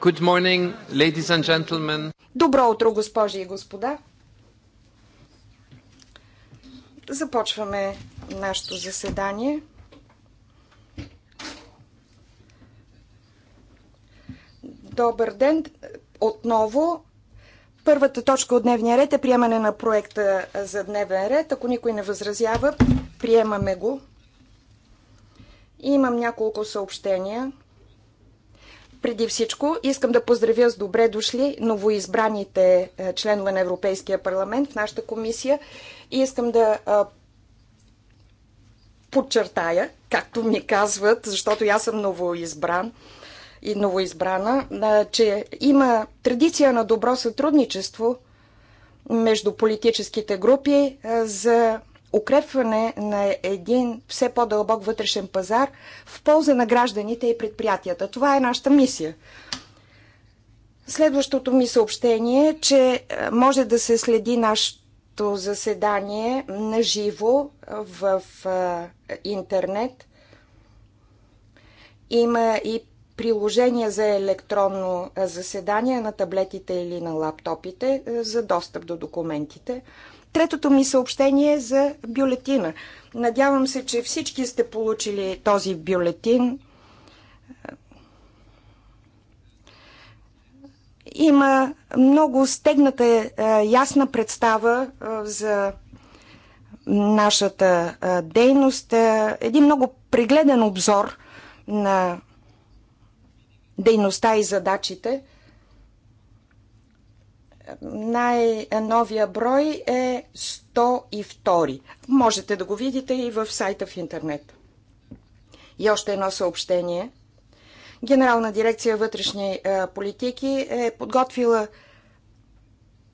Good morning, ladies and gentlemen. Добро утро, госпожи и господа. Започваме нашето заседание. Добър ден отново. Първата точка от дневния ред е приемане на проекта за дневен ред. Ако никой не възразява, приемаме го. И имам няколко съобщения. Преди всичко искам да поздравя с добре дошли новоизбраните е, членове на Европейския парламент в нашата комисия и искам да е, подчертая, както ми казват, защото аз съм новоизбран и новоизбрана, е, че има традиция на добро сътрудничество между политическите групи за укрепване на един все по-дълбок вътрешен пазар в полза на гражданите и предприятията. Това е нашата мисия. Следващото ми съобщение е, че е, може да се следи нашето заседание на живо в е, интернет. Има и приложение за електронно е, заседание на таблетите или на лаптопите за достъп до документите. Третото ми съобщение е за бюлетина. Надявам се, че всички сте получили този бюлетин. Има много стегната е, ясна представа е, за нашата е, дейност. Един много пригледен обзор на дейността и задачите – най-новия брой е 102. Можете да го видите и в сайта в интернет. И още едно съобщение. Генерална дирекция вътрешни е, политики е подготвила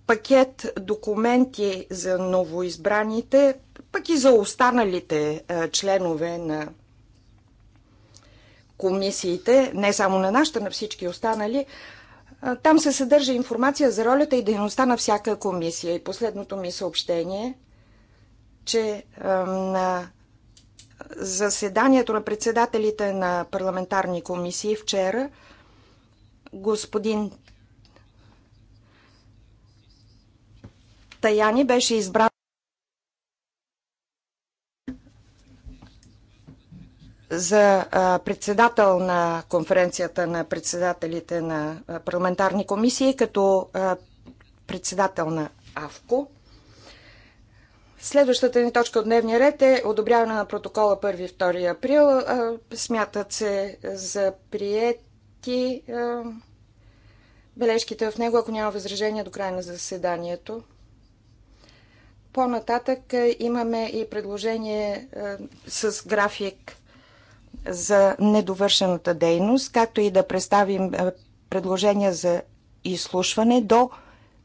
пакет документи за новоизбраните, пък и за останалите е, членове на комисиите, не само на нашата, на всички останали, там се съдържа информация за ролята и дейността на всяка комисия. И последното ми съобщение, че на заседанието на председателите на парламентарни комисии вчера господин Таяни беше избран за председател на конференцията на председателите на парламентарни комисии, като председател на АВКО. Следващата ни точка от дневния ред е одобряване на протокола 1-2 април. Смятат се за приети бележките в него, ако няма възражения до края на заседанието. По-нататък имаме и предложение с график за недовършената дейност, както и да представим предложения за изслушване до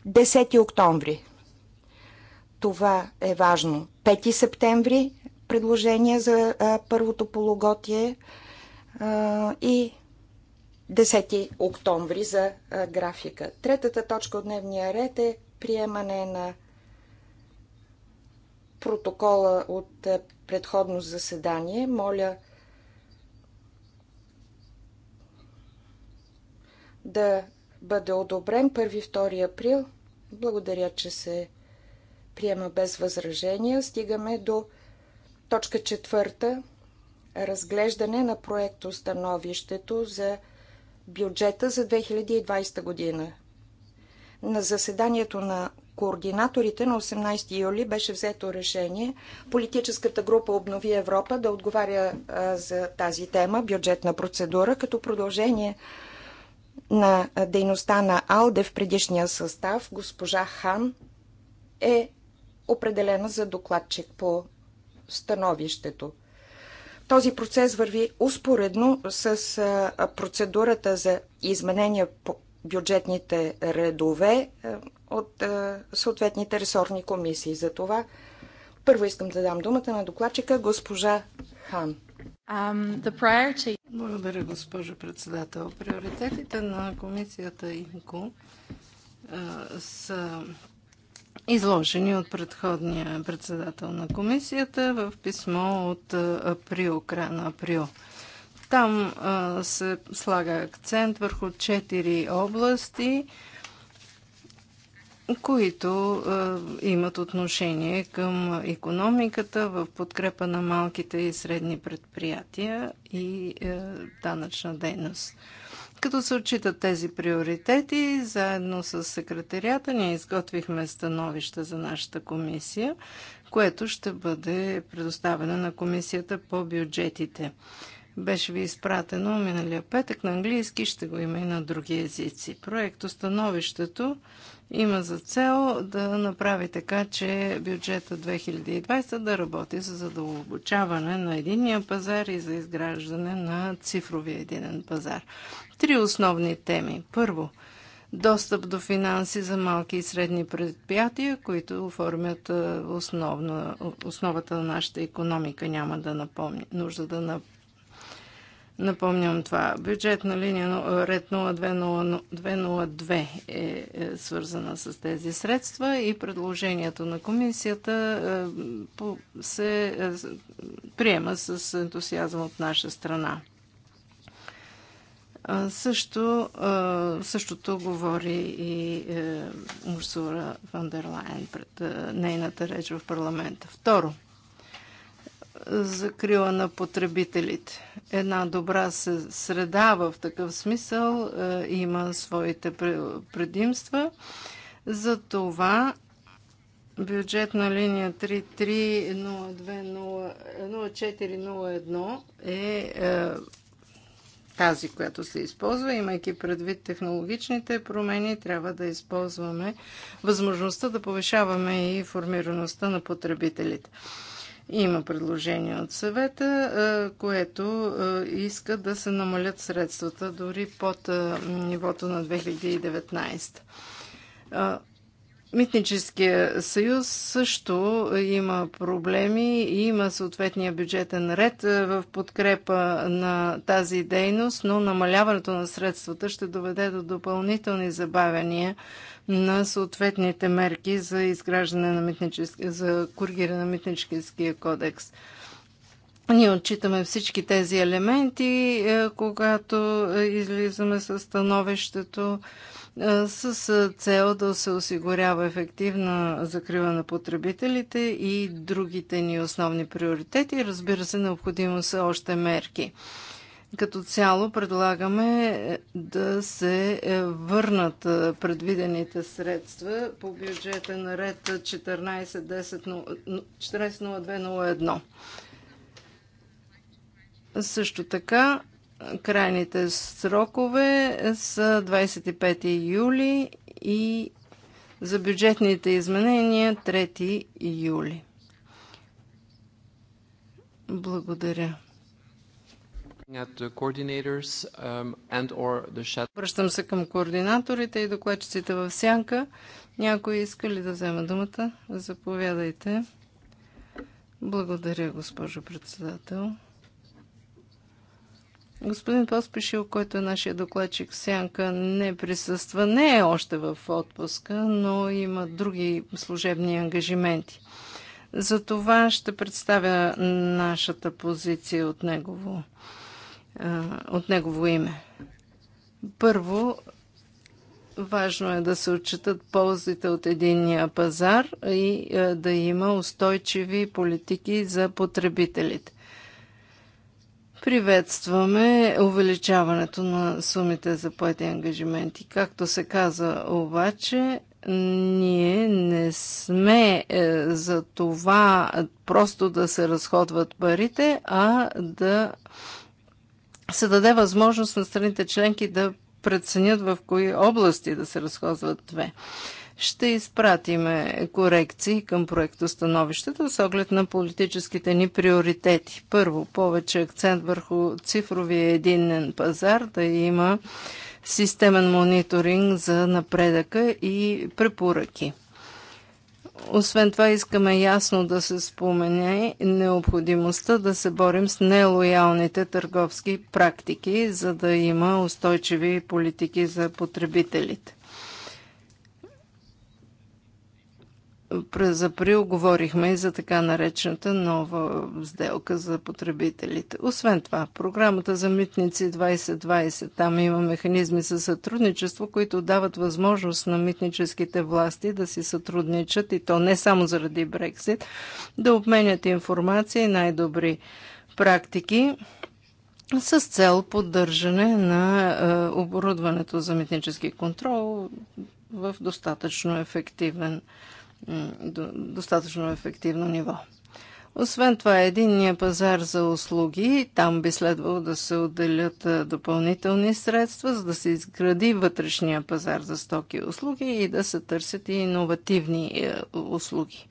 10 октомври. Това е важно. 5 септември предложение за първото полуготие и 10 октомври за графика. Третата точка от дневния ред е приемане на протокола от предходно заседание. Моля да бъде одобрен 1-2 април. Благодаря, че се приема без възражения. Стигаме до точка четвърта разглеждане на проекто становището за бюджета за 2020 година. На заседанието на координаторите на 18 юли беше взето решение политическата група Обнови Европа да отговаря за тази тема, бюджетна процедура, като продължение на дейността на АЛДЕ в предишния състав, госпожа Хан е определена за докладчик по становището. Този процес върви успоредно с процедурата за изменение по бюджетните редове от съответните ресорни комисии. За това първо искам да дам думата на докладчика госпожа Хан. Um, Благодаря, госпожо председател. Приоритетите на комисията ИНКО са изложени от предходния председател на комисията в писмо от април, края на април. Там се слага акцент върху четири области – които а, е, имат отношение към економиката в подкрепа на малките и средни предприятия и а, е, данъчна дейност. Като се отчитат тези приоритети, заедно с секретарията ние изготвихме становище за нашата комисия, което ще бъде предоставено на комисията по бюджетите. Беше ви изпратено миналия петък на английски, ще го има и на други езици. Проекто становището има за цел да направи така, че бюджета 2020 да работи за задълбочаване на единния пазар и за изграждане на цифровия единен пазар. Три основни теми. Първо, достъп до финанси за малки и средни предприятия, които оформят основна, основата на нашата економика. Няма да напомня, нужда да напомня Напомням това. Бюджет на линия ред 0202 е, е свързана с тези средства и предложението на комисията се приема с ентусиазъм от наша страна. Също, същото говори и Мурсура е, Фандерлайн пред нейната реч в парламента. Второ – закрила на потребителите. Една добра среда в такъв смисъл е, има своите предимства. За това бюджетна линия 33020401 е, е тази, която се използва. Имайки предвид технологичните промени, трябва да използваме възможността да повишаваме и формираността на потребителите. Има предложение от съвета, което иска да се намалят средствата дори под нивото на 2019. Митническия съюз също има проблеми и има съответния бюджетен ред в подкрепа на тази дейност, но намаляването на средствата ще доведе до допълнителни забавяния на съответните мерки за изграждане на митнически, за коригиране на митническия кодекс. Ние отчитаме всички тези елементи, е, когато е, излизаме със становището е, с цел да се осигурява ефективна закрива на потребителите и другите ни основни приоритети. Разбира се, необходимо са още мерки. Като цяло предлагаме е, да се е, върнат е, предвидените средства по бюджета на ред 140201. Също така крайните срокове са 25 юли и за бюджетните изменения 3 юли. Благодаря. Um, Връщам се към координаторите и докладчиците в сянка. Някой иска ли да взема думата? Заповядайте. Благодаря, госпожо председател. Господин Поспешил, който е нашия докладчик Сянка, не присъства. Не е още в отпуска, но има други служебни ангажименти. За това ще представя нашата позиция от негово от негово име. Първо, важно е да се отчитат ползите от единния пазар и да има устойчиви политики за потребителите. Приветстваме увеличаването на сумите за поети ангажименти. Както се каза обаче, ние не сме е, за това просто да се разходват парите, а да се даде възможност на страните членки да преценят в кои области да се разходват две. Ще изпратиме корекции към проектостановището с оглед на политическите ни приоритети. Първо, повече акцент върху цифровия единен пазар, да има системен мониторинг за напредъка и препоръки. Освен това искаме ясно да се спомене необходимостта да се борим с нелоялните търговски практики, за да има устойчиви политики за потребителите. през април говорихме и за така наречената нова сделка за потребителите. Освен това, програмата за митници 2020, там има механизми за сътрудничество, които дават възможност на митническите власти да си сътрудничат и то не само заради Брексит, да обменят информация и най-добри практики с цел поддържане на е, оборудването за митнически контрол в достатъчно ефективен достатъчно ефективно ниво. Освен това, единния пазар за услуги, там би следвало да се отделят допълнителни средства, за да се изгради вътрешния пазар за стоки и услуги и да се търсят и иновативни е, услуги.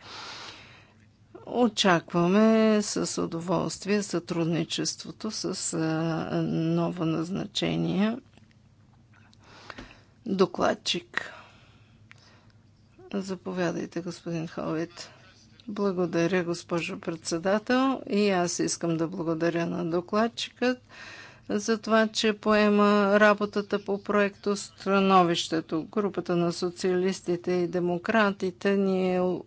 Очакваме с удоволствие сътрудничеството с ново назначение докладчик. Заповядайте, господин Ховит. Благодаря, госпожо председател. И аз искам да благодаря на докладчикът за това, че поема работата по проекто Страновището. Групата на социалистите и демократите ние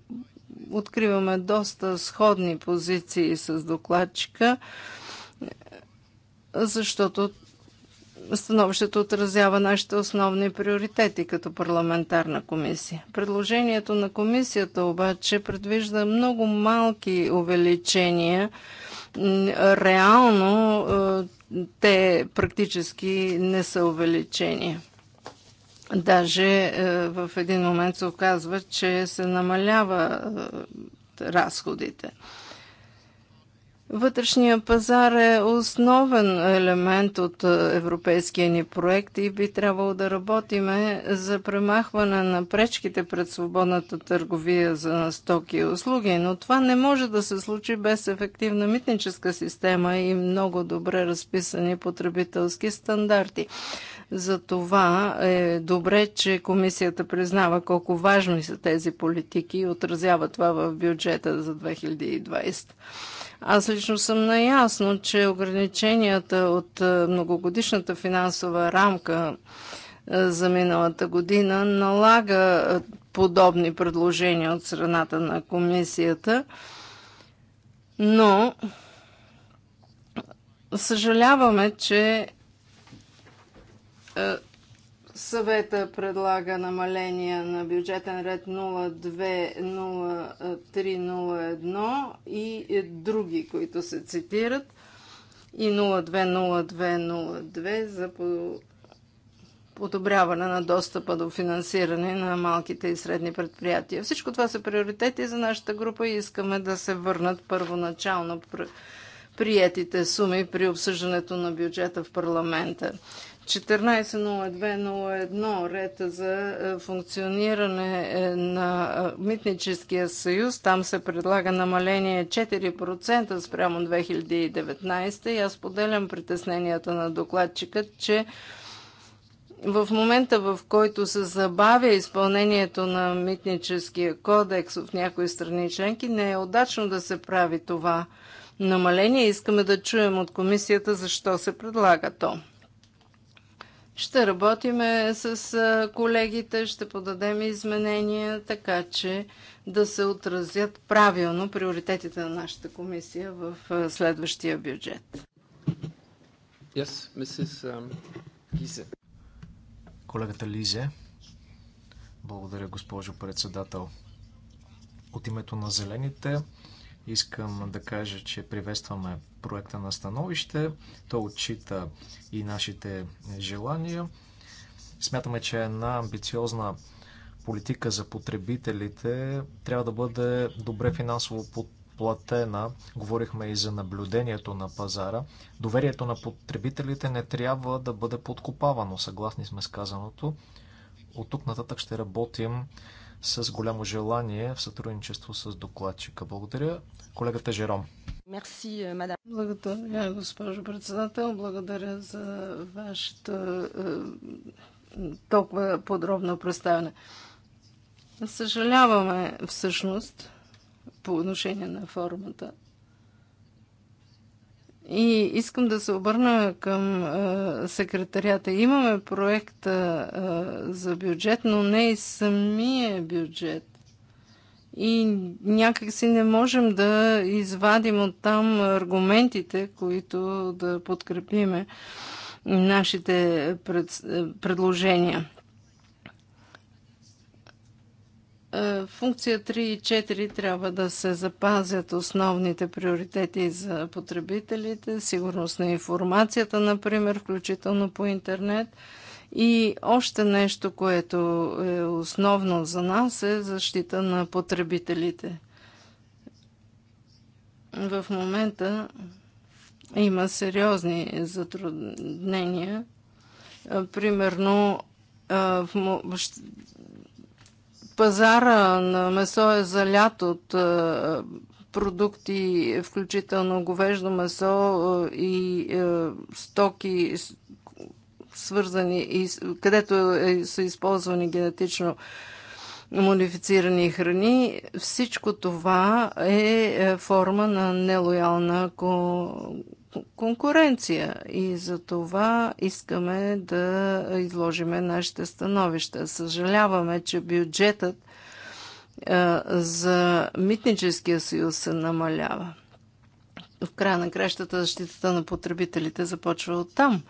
откриваме доста сходни позиции с докладчика, защото становището отразява нашите основни приоритети като парламентарна комисия. Предложението на комисията обаче предвижда много малки увеличения. Реално е, те практически не са увеличения. Даже е, в един момент се оказва, че се намалява е, разходите. Вътрешния пазар е основен елемент от е, европейския ни проект и би трябвало да работиме за премахване на пречките пред свободната търговия за стоки и услуги, но това не може да се случи без ефективна митническа система и много добре разписани потребителски стандарти. За това е добре, че комисията признава колко важни са тези политики и отразява това в бюджета за 2020. Аз лично съм наясно, че ограниченията от е, многогодишната финансова рамка е, за миналата година налага е, подобни предложения от страната на комисията, но съжаляваме, че Съвета предлага намаление на бюджетен ред 020301 и други, които се цитират, и 020202 за подобряване на достъпа до финансиране на малките и средни предприятия. Всичко това са приоритети за нашата група и искаме да се върнат първоначално приетите суми при обсъждането на бюджета в парламента. 14.02.01 ред за е, функциониране е, на е, Митническия съюз. Там се предлага намаление 4% спрямо 2019 и аз поделям притесненията на докладчика, че в момента, в който се забавя изпълнението на митническия кодекс в някои страни членки, не е удачно да се прави това намаление. Искаме да чуем от комисията защо се предлага то. Ще работиме с колегите, ще подадем изменения, така че да се отразят правилно приоритетите на нашата комисия в следващия бюджет. Yes, Mrs. Um, Lise. Колегата Лизе. Благодаря, госпожо председател. От името на Зелените Искам да кажа, че приветстваме проекта на становище. То отчита и нашите желания. Смятаме, че една амбициозна политика за потребителите трябва да бъде добре финансово подплатена. Говорихме и за наблюдението на пазара. Доверието на потребителите не трябва да бъде подкопавано. Съгласни сме с казаното. От тук нататък ще работим с голямо желание в сътрудничество с докладчика. Благодаря. Колегата Жером. Мерси, е, мадам. Благодаря, госпожо председател. Благодаря за вашето е, толкова подробно представяне. Съжаляваме всъщност по отношение на формата и искам да се обърна към а, е, секретарията. Имаме проекта а, е, за бюджет, но не и самия бюджет. И някак си не можем да извадим от там аргументите, които да подкрепиме нашите пред, е, предложения. Е, функция 3 и 4 трябва да се запазят основните приоритети за потребителите, сигурност на информацията, например, включително по интернет. И още нещо, което е основно за нас е защита на потребителите. В момента има сериозни затруднения. Примерно, пазара на месо е залят от е, продукти, включително говеждо месо е, и е, стоки, свързани, и, където са използвани генетично модифицирани храни, всичко това е форма на нелоялна конкуренция и за това искаме да изложиме нашите становища. Съжаляваме, че бюджетът за митническия съюз се намалява. В края на кращата защитата на потребителите започва от там,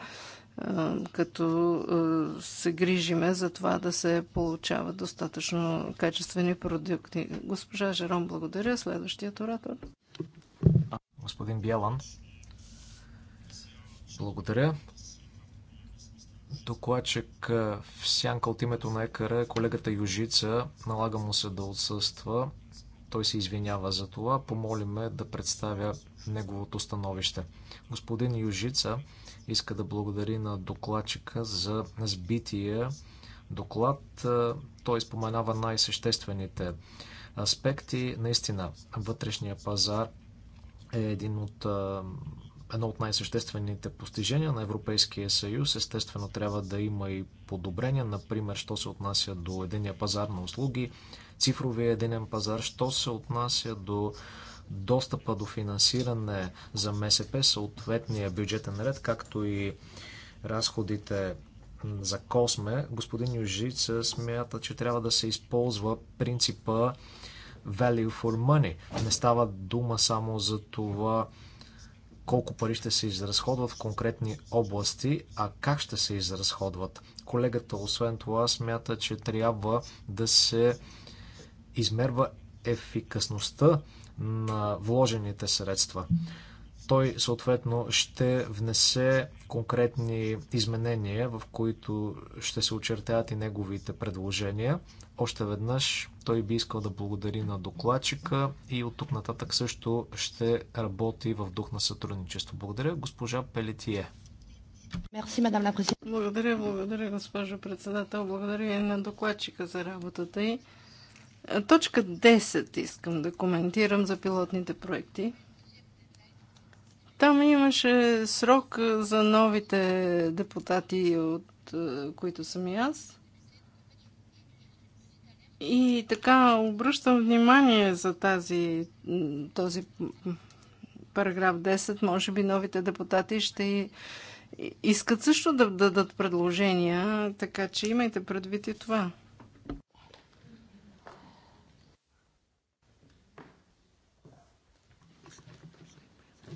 като се грижиме за това да се получават достатъчно качествени продукти. Госпожа Жером, благодаря. Следващият оратор. Господин Бялан. Благодаря. Докладчик в сянка от името на ЕКР, колегата Южица, налага му се да отсъства. Той се извинява за това. Помолиме ме да представя неговото становище. Господин Южица иска да благодари на докладчика за сбития доклад. Той споменава най-съществените аспекти. Наистина, вътрешния пазар е един от едно от най-съществените постижения на Европейския съюз. Естествено, трябва да има и подобрения, например, що се отнася до единния пазар на услуги, цифровия единен пазар, що се отнася до достъпа до финансиране за МСП, съответния бюджетен ред, както и разходите за Косме. Господин Южиц смята, че трябва да се използва принципа value for money. Не става дума само за това колко пари ще се изразходват в конкретни области, а как ще се изразходват. Колегата, освен това, смята, че трябва да се измерва ефикасността на вложените средства. Той съответно ще внесе конкретни изменения, в които ще се очертаят и неговите предложения. Още веднъж той би искал да благодари на докладчика и от тук нататък също ще работи в дух на сътрудничество. Благодаря, госпожа Пелетие. Благодаря, благодаря, госпожо председател. Благодаря и на докладчика за работата й. Точка 10 искам да коментирам за пилотните проекти. Там имаше срок за новите депутати, от които съм и аз. И така обръщам внимание за тази, този параграф 10. Може би новите депутати ще искат също да дадат предложения, така че имайте предвид и това.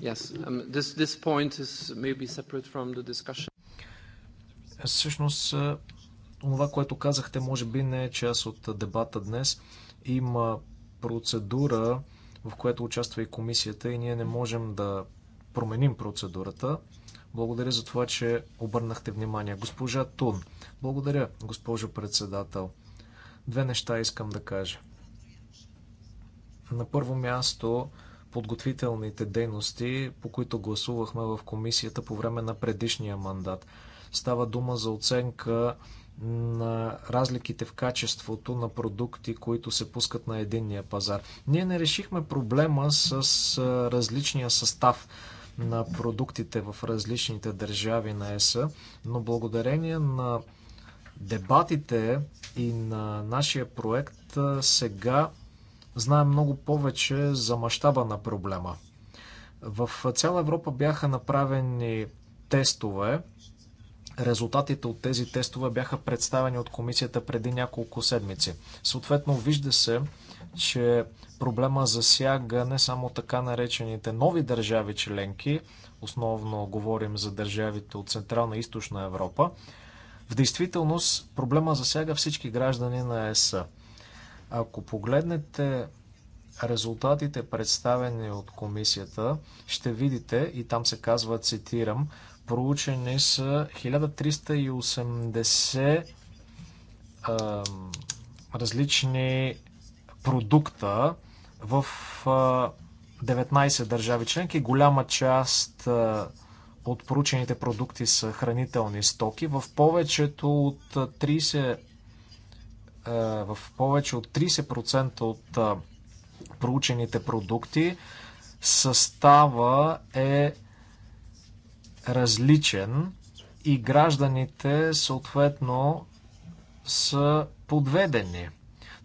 Yes, um, this, this point is maybe separate from the discussion. Всъщност това, което казахте, може би не е част от дебата днес. Има процедура, в която участва и комисията и ние не можем да променим процедурата. Благодаря за това, че обърнахте внимание. Госпожа Тун, благодаря, госпожо председател. Две неща искам да кажа. На първо място, подготвителните дейности, по които гласувахме в комисията по време на предишния мандат. Става дума за оценка на разликите в качеството на продукти, които се пускат на единния пазар. Ние не решихме проблема с различния състав на продуктите в различните държави на ЕС, но благодарение на дебатите и на нашия проект сега знаем много повече за мащаба на проблема. В цяла Европа бяха направени тестове Резултатите от тези тестове бяха представени от комисията преди няколко седмици. Съответно, вижда се, че проблема засяга не само така наречените нови държави членки, основно говорим за държавите от Централна и Източна Европа, в действителност проблема засяга всички граждани на ЕС. Ако погледнете резултатите, представени от комисията, ще видите, и там се казва, цитирам, проучени са 1380 различни продукта в 19 държави членки. Голяма част от проучените продукти са хранителни стоки. В повечето от 30 в повече от 30% от проучените продукти състава е различен и гражданите съответно са подведени.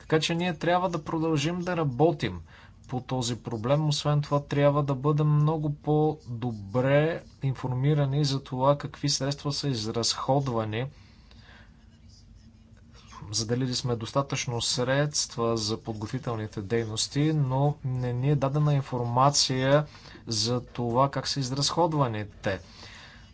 Така че ние трябва да продължим да работим по този проблем. Освен това, трябва да бъдем много по-добре информирани за това какви средства са изразходвани Заделили сме достатъчно средства за подготвителните дейности, но не ни е дадена информация за това как са изразходвани те.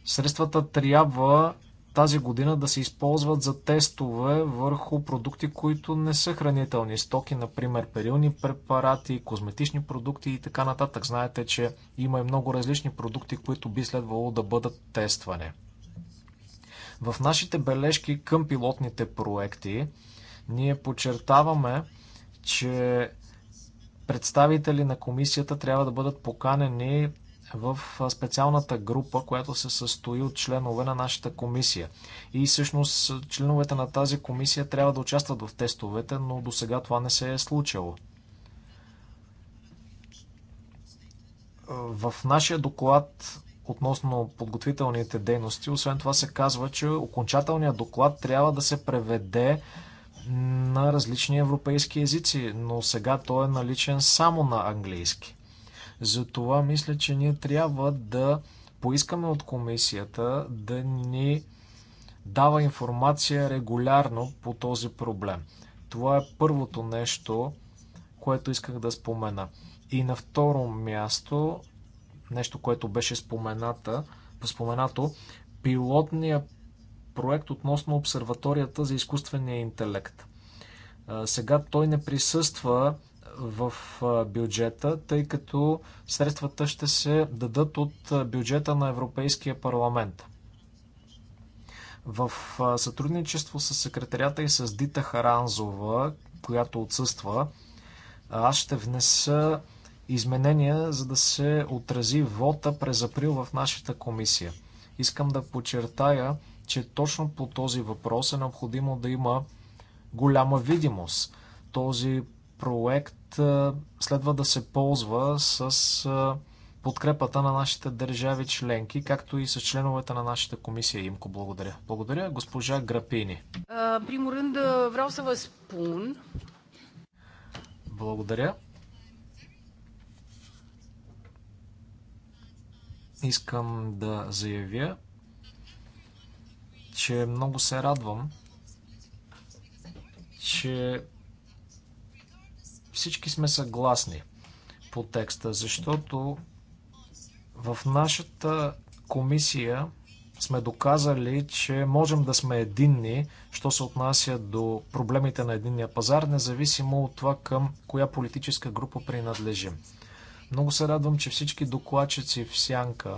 Средствата трябва тази година да се използват за тестове върху продукти, които не са хранителни стоки, например перилни препарати, козметични продукти и така нататък. Знаете, че има и много различни продукти, които би следвало да бъдат тествани. В нашите бележки към пилотните проекти ние подчертаваме, че представители на комисията трябва да бъдат поканени в специалната група, която се състои от членове на нашата комисия. И всъщност членовете на тази комисия трябва да участват в тестовете, но до сега това не се е случило. В нашия доклад относно подготвителните дейности. Освен това се казва, че окончателният доклад трябва да се преведе на различни европейски езици, но сега той е наличен само на английски. Затова мисля, че ние трябва да поискаме от комисията да ни дава информация регулярно по този проблем. Това е първото нещо, което исках да спомена. И на второ място нещо, което беше спомената, споменато. Пилотният проект относно обсерваторията за изкуствения интелект. Сега той не присъства в бюджета, тъй като средствата ще се дадат от бюджета на Европейския парламент. В сътрудничество с секретарята и с Дита Харанзова, която отсъства, аз ще внеса изменения, за да се отрази вота през април в нашата комисия. Искам да подчертая, че точно по този въпрос е необходимо да има голяма видимост. Този проект следва да се ползва с подкрепата на нашите държави членки, както и с членовете на нашата комисия Имко. Благодаря. Благодаря, госпожа Грапини. Приморън да се възпун. Благодаря. искам да заявя, че много се радвам, че всички сме съгласни по текста, защото в нашата комисия сме доказали, че можем да сме единни, що се отнася до проблемите на единния пазар, независимо от това към коя политическа група принадлежим. Много се радвам, че всички докладчици в Сянка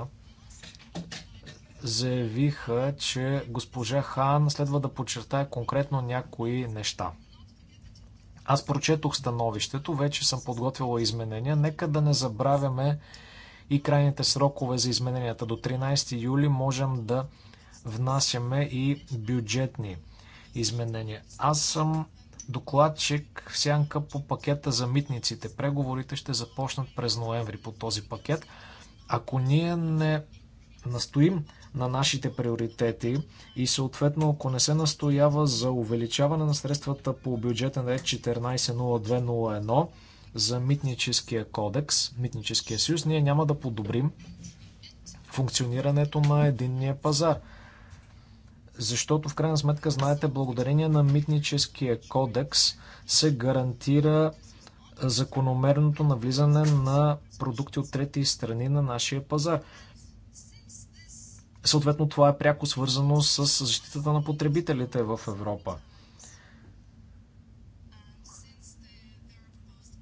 заявиха, че госпожа Хан следва да подчертае конкретно някои неща. Аз прочетох становището, вече съм подготвила изменения. Нека да не забравяме и крайните срокове за измененията. До 13 юли можем да внасяме и бюджетни изменения. Аз съм докладчик в сянка по пакета за митниците. Преговорите ще започнат през ноември по този пакет. Ако ние не настоим на нашите приоритети и съответно ако не се настоява за увеличаване на средствата по бюджета на 140201 за митническия кодекс, митническия съюз, ние няма да подобрим функционирането на единния пазар – защото в крайна сметка, знаете, благодарение на митническия кодекс се гарантира закономерното навлизане на продукти от трети страни на нашия пазар. Съответно, това е пряко свързано с защитата на потребителите в Европа.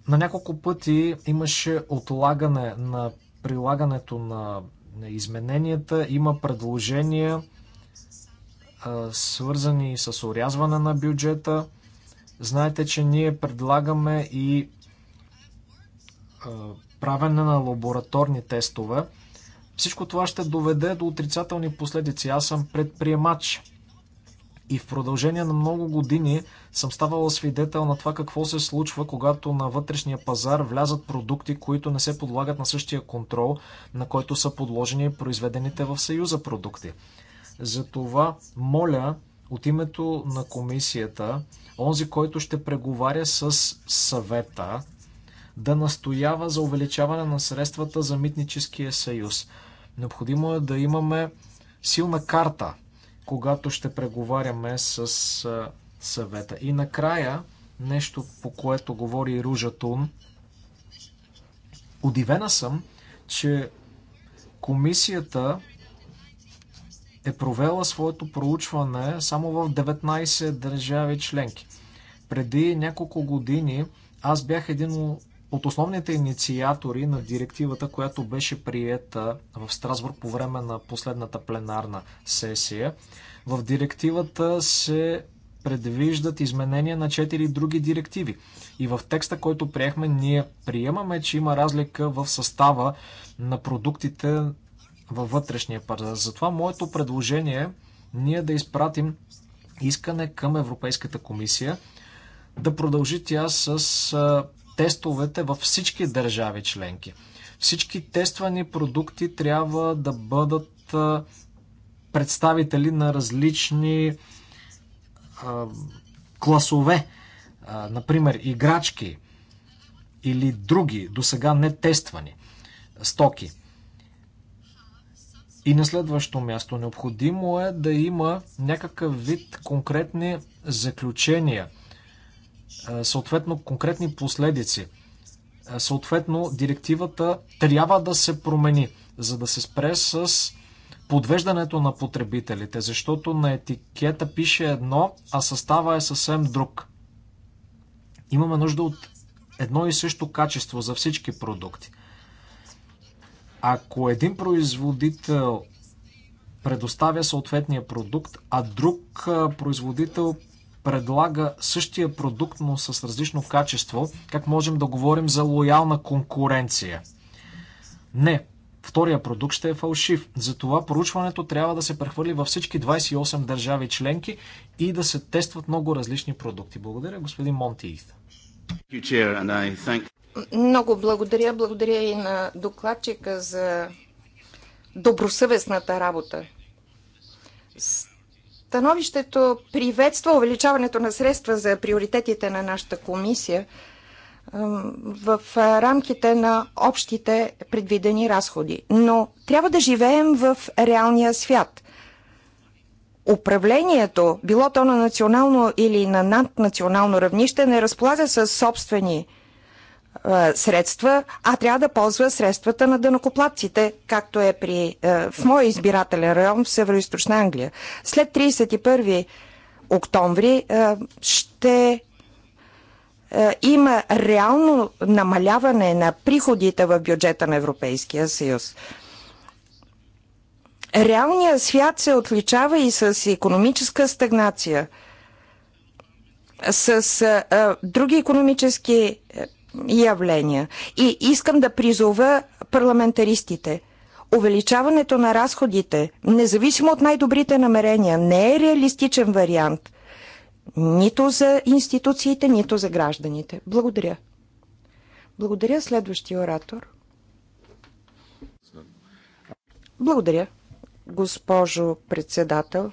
На няколко пъти имаше отлагане на прилагането на измененията, има предложения свързани с урязване на бюджета. Знаете, че ние предлагаме и правене на лабораторни тестове. Всичко това ще доведе до отрицателни последици. Аз съм предприемач и в продължение на много години съм ставала свидетел на това какво се случва, когато на вътрешния пазар влязат продукти, които не се подлагат на същия контрол, на който са подложени произведените в Съюза продукти. Затова моля от името на комисията, онзи, който ще преговаря с съвета, да настоява за увеличаване на средствата за митническия съюз. Необходимо е да имаме силна карта, когато ще преговаряме с съвета. И накрая, нещо по което говори Ружа Тун, удивена съм, че комисията е провела своето проучване само в 19 държави членки. Преди няколко години аз бях един от основните инициатори на директивата, която беше приета в Страсбург по време на последната пленарна сесия. В директивата се предвиждат изменения на четири други директиви. И в текста, който приехме, ние приемаме, че има разлика в състава на продуктите, във вътрешния пазар. Затова моето предложение е ние да изпратим искане към Европейската комисия да продължи тя с тестовете във всички държави членки. Всички тествани продукти трябва да бъдат представители на различни а, класове, а, например играчки или други, до сега не тествани стоки. И на следващо място, необходимо е да има някакъв вид конкретни заключения, съответно конкретни последици. Съответно, директивата трябва да се промени, за да се спре с подвеждането на потребителите, защото на етикета пише едно, а състава е съвсем друг. Имаме нужда от едно и също качество за всички продукти – ако един производител предоставя съответния продукт, а друг производител предлага същия продукт, но с различно качество, как можем да говорим за лоялна конкуренция? Не, втория продукт ще е фалшив. Затова проучването трябва да се прехвърли във всички 28 държави членки и да се тестват много различни продукти. Благодаря, господин Монтиит. Много благодаря. Благодаря и на докладчика за добросъвестната работа. Становището приветства увеличаването на средства за приоритетите на нашата комисия в рамките на общите предвидени разходи. Но трябва да живеем в реалния свят. Управлението, било то на национално или на наднационално равнище, не разполага с собствени е, средства, а трябва да ползва средствата на дънокоплатците, както е при, е, в моя избирателен район в Северо-Источна Англия. След 31 октомври е, ще има реално намаляване на приходите в бюджета на Европейския съюз. Реалният свят се отличава и с економическа стагнация, с а, други економически явления. И искам да призова парламентаристите. Увеличаването на разходите, независимо от най-добрите намерения, не е реалистичен вариант нито за институциите, нито за гражданите. Благодаря. Благодаря следващия оратор. Благодаря, госпожо председател.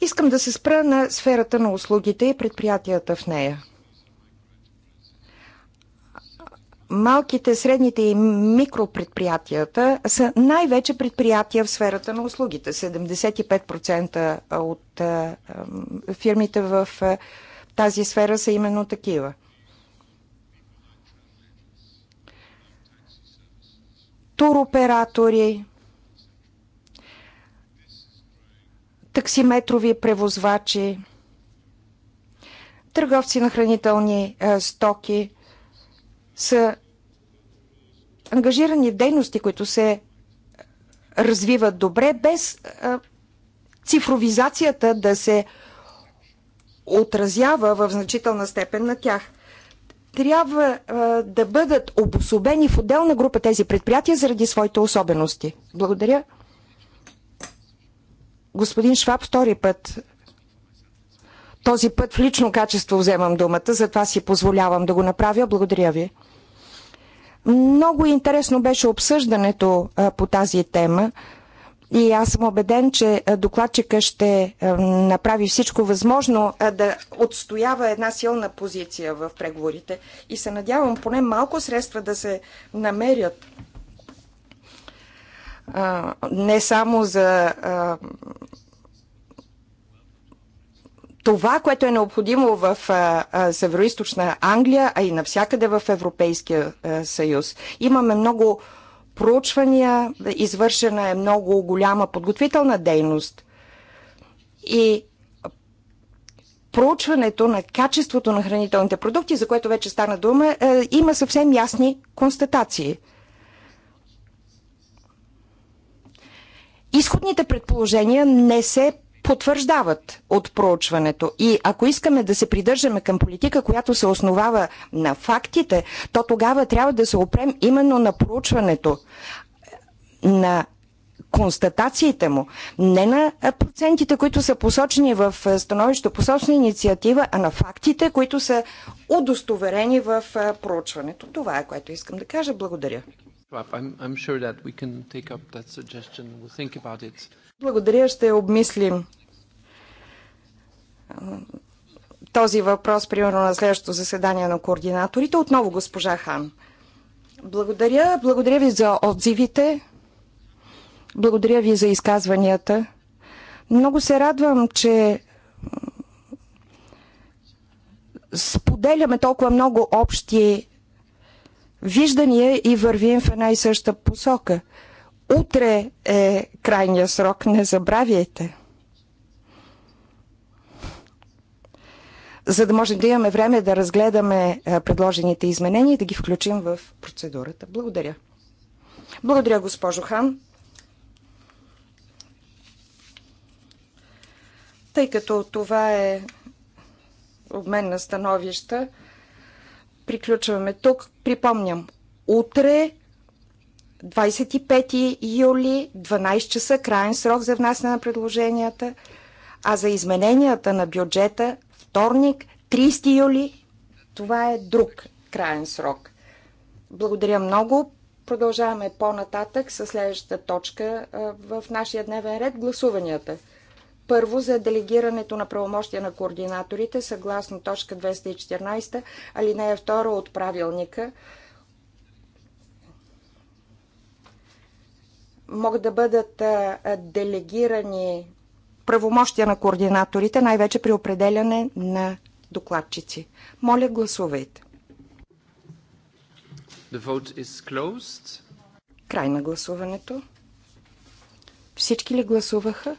Искам да се спра на сферата на услугите и предприятията в нея. малките, средните и микропредприятията са най-вече предприятия в сферата на услугите. 75% от фирмите в тази сфера са именно такива. Туроператори, таксиметрови превозвачи, търговци на хранителни стоки – са ангажирани в дейности, които се развиват добре, без цифровизацията да се отразява в значителна степен на тях. Трябва а, да бъдат обособени в отделна група тези предприятия заради своите особености. Благодаря. Господин Шваб, втори път. Този път в лично качество вземам думата, затова си позволявам да го направя. Благодаря ви. Много интересно беше обсъждането по тази тема и аз съм убеден, че докладчика ще направи всичко възможно да отстоява една силна позиция в преговорите и се надявам поне малко средства да се намерят не само за това, което е необходимо в Североизточна Англия, а и навсякъде в Европейския съюз. Имаме много проучвания, извършена е много голяма подготвителна дейност и проучването на качеството на хранителните продукти, за което вече стана дума, е, има съвсем ясни констатации. Изходните предположения не се потвърждават от проучването. И ако искаме да се придържаме към политика, която се основава на фактите, то тогава трябва да се опрем именно на проучването, на констатациите му, не на процентите, които са посочени в е, становището по собствена инициатива, а на фактите, които са удостоверени в е, проучването. Това е което искам да кажа. Благодаря. Благодаря, ще обмислим този въпрос, примерно на следващото заседание на координаторите. Отново госпожа Хан. Благодаря, благодаря ви за отзивите. Благодаря ви за изказванията. Много се радвам, че споделяме толкова много общи виждания и вървим в една и съща посока. Утре е крайния срок, не забравяйте. за да можем да имаме време да разгледаме предложените изменения и да ги включим в процедурата. Благодаря. Благодаря, госпожо Хан. Тъй като това е обмен на становища, приключваме тук. Припомням, утре 25 юли, 12 часа, крайен срок за внасяне на предложенията, а за измененията на бюджета вторник, 30 юли. Това е друг краен срок. Благодаря много. Продължаваме по-нататък с следващата точка в нашия дневен ред гласуванията. Първо, за делегирането на правомощия на координаторите, съгласно точка 214, алинея 2 от правилника, могат да бъдат делегирани правомощия на координаторите, най-вече при определяне на докладчици. Моля, гласувайте. The vote is closed. Край на гласуването. Всички ли гласуваха?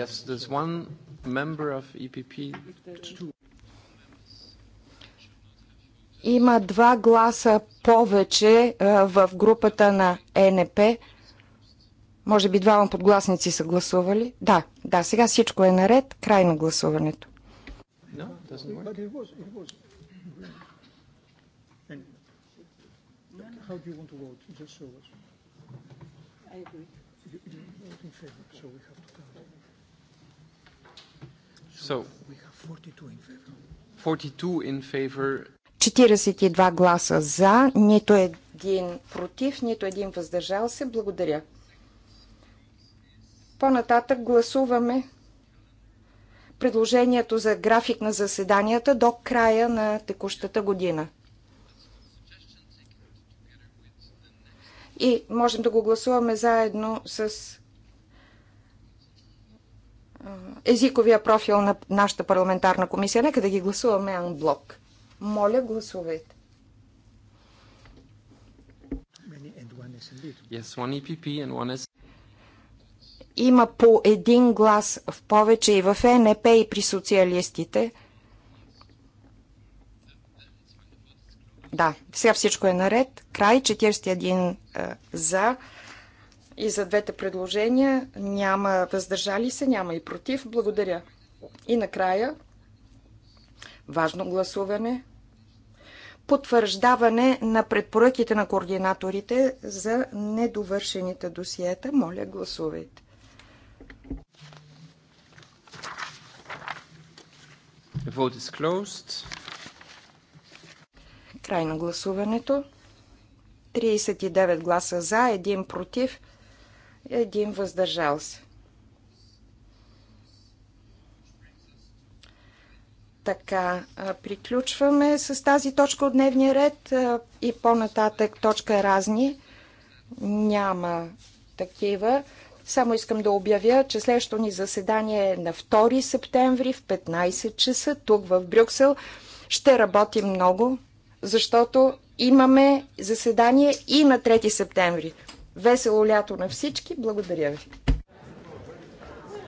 Yes, there's one member of EPP има два гласа повече е, в групата на ЕНП. Може би двама подгласници са гласували. Да, да, сега всичко е наред. Край на гласуването. so so we have 42 in favor. 42 in favor. 42 гласа за, нито един против, нито един въздържал се. Благодаря. По-нататък гласуваме предложението за график на заседанията до края на текущата година. И можем да го гласуваме заедно с езиковия профил на нашата парламентарна комисия. Нека да ги гласуваме анблок. блок. Моля, гласувайте. Има по един глас в повече и в ЕНП и при социалистите. Да, сега всичко е наред. Край 41 е, за и за двете предложения. Няма въздържали се, няма и против. Благодаря. И накрая, важно гласуване потвърждаване на предпоръките на координаторите за недовършените досиета. Моля, гласувайте. The vote is closed. Край на гласуването. 39 гласа за, 1 против, 1 въздържал се. Така, приключваме с тази точка от дневния ред и по-нататък точка разни. Няма такива. Само искам да обявя, че следващото ни заседание е на 2 септември в 15 часа тук в Брюксел. Ще работим много, защото имаме заседание и на 3 септември. Весело лято на всички. Благодаря ви.